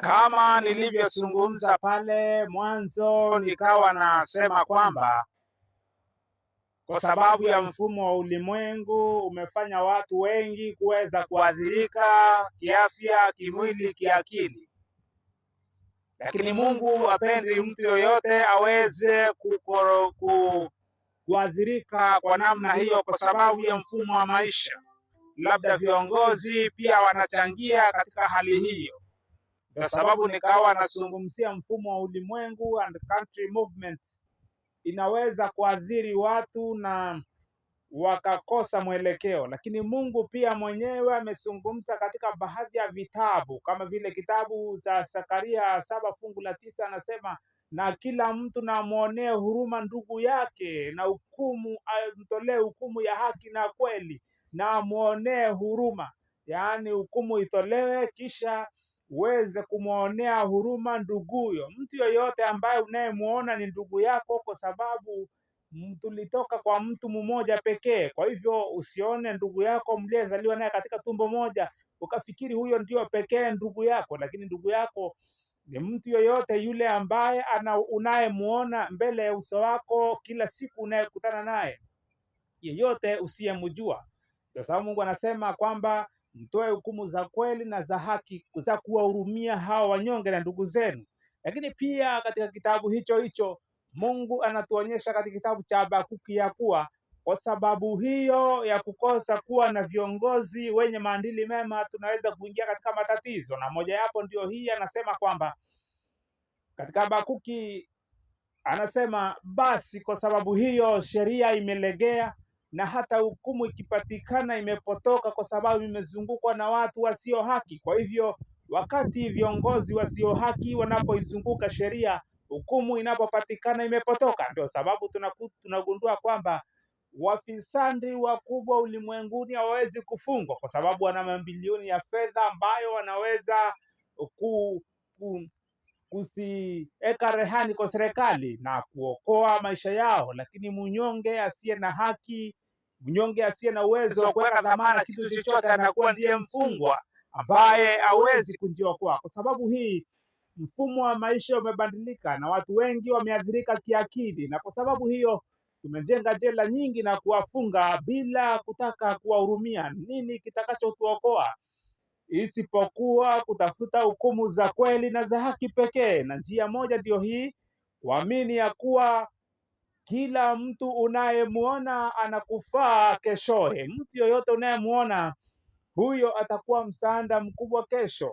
Kama nilivyozungumza pale mwanzo, nikawa nasema kwamba kwa sababu ya mfumo wa ulimwengu umefanya watu wengi kuweza kuathirika kiafya, kimwili, kiakili, lakini Mungu apendi mtu yoyote aweze kukoro, ku, kuathirika kwa namna hiyo, kwa sababu ya mfumo wa maisha. Labda viongozi pia wanachangia katika hali hiyo kwa sababu nikawa nazungumzia mfumo wa ulimwengu and country movement inaweza kuathiri watu na wakakosa mwelekeo, lakini Mungu pia mwenyewe amezungumza katika baadhi ya vitabu kama vile kitabu cha Zakaria saba fungu la tisa anasema, na kila mtu namwonee huruma ndugu yake na hukumu amtolee hukumu ya haki na kweli, na amwonee huruma, yaani hukumu itolewe kisha uweze kumwonea huruma nduguyo, mtu yoyote ambaye unayemwona ni ndugu yako, kwa sababu tulitoka kwa mtu mmoja pekee. Kwa hivyo usione ndugu yako mliyezaliwa naye katika tumbo moja ukafikiri huyo ndio pekee ndugu yako, lakini ndugu yako ni mtu yoyote yule ambaye unayemwona mbele ya uso wako kila siku, unayekutana naye yeyote usiyemjua, kwa sababu Mungu anasema kwamba mtoe hukumu za kweli na za haki za kuwahurumia hawa wanyonge na ndugu zenu. Lakini pia katika kitabu hicho hicho Mungu anatuonyesha katika kitabu cha Habakuki ya kuwa kwa sababu hiyo ya kukosa kuwa na viongozi wenye maadili mema, tunaweza kuingia katika matatizo, na moja yapo ndio hii. Anasema kwamba katika Habakuki anasema basi, kwa sababu hiyo sheria imelegea na hata hukumu ikipatikana imepotoka, kwa sababu imezungukwa na watu wasio haki. Kwa hivyo, wakati viongozi wasio haki wanapoizunguka sheria, hukumu inapopatikana imepotoka. Ndio sababu tunaku, tunagundua kwamba wafisadi wakubwa ulimwenguni hawawezi kufungwa kwa sababu wana mabilioni ya fedha ambayo wanaweza ku, ku, kusiweka rehani kwa serikali na kuokoa maisha yao, lakini mnyonge asiye na haki, mnyonge asiye na uwezo wa kuweka dhamana kitu chochote, anakuwa ndiye mfungwa ambaye hawezi kujiokoa Kwa sababu hii mfumo wa maisha umebadilika na watu wengi wameathirika kiakili, na kwa sababu hiyo tumejenga jela nyingi na kuwafunga bila kutaka kuwahurumia. Nini kitakachotuokoa? isipokuwa kutafuta hukumu za kweli na za haki pekee. Na njia moja ndiyo hii, kuamini ya kuwa kila mtu unayemwona anakufaa keshoye. Mtu yoyote unayemwona huyo atakuwa msaada mkubwa kesho.